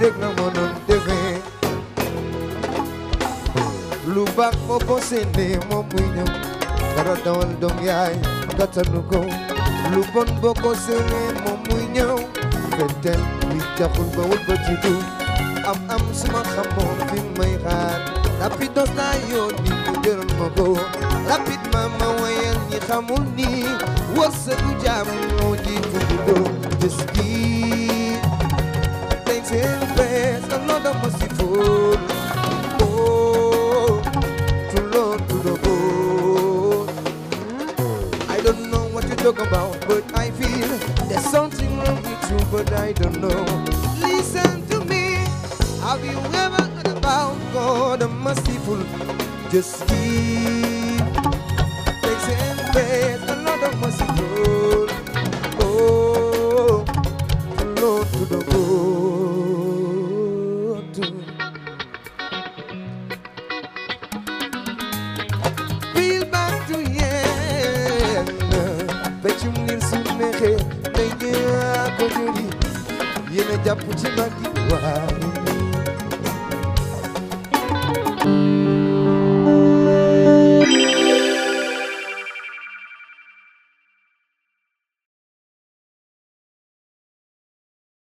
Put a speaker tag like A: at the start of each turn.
A: rek la mënoon defee lu baax moo ko séenee moo koy ñëw dara dawal doom yaay ko lu bon boo moom muy ñëw fentel wi taxul ba wul ba ci du am am suma xamoon fi may xaar rapidos naa ni mu jëral ma ko rapidement ma wayal ñi xamul ni wërsëgu jaam ñoo ji fu mu doon gis Oh, I don't know what you talk about, but I feel there's something wrong with you, but I don't know. Listen to me. Have you ever heard about God, Just keep and the Lord of merciful. Oh, to the bone. peccum liir su neexee day ñëw ko jëli yéen a jàpp ci mag yi waaw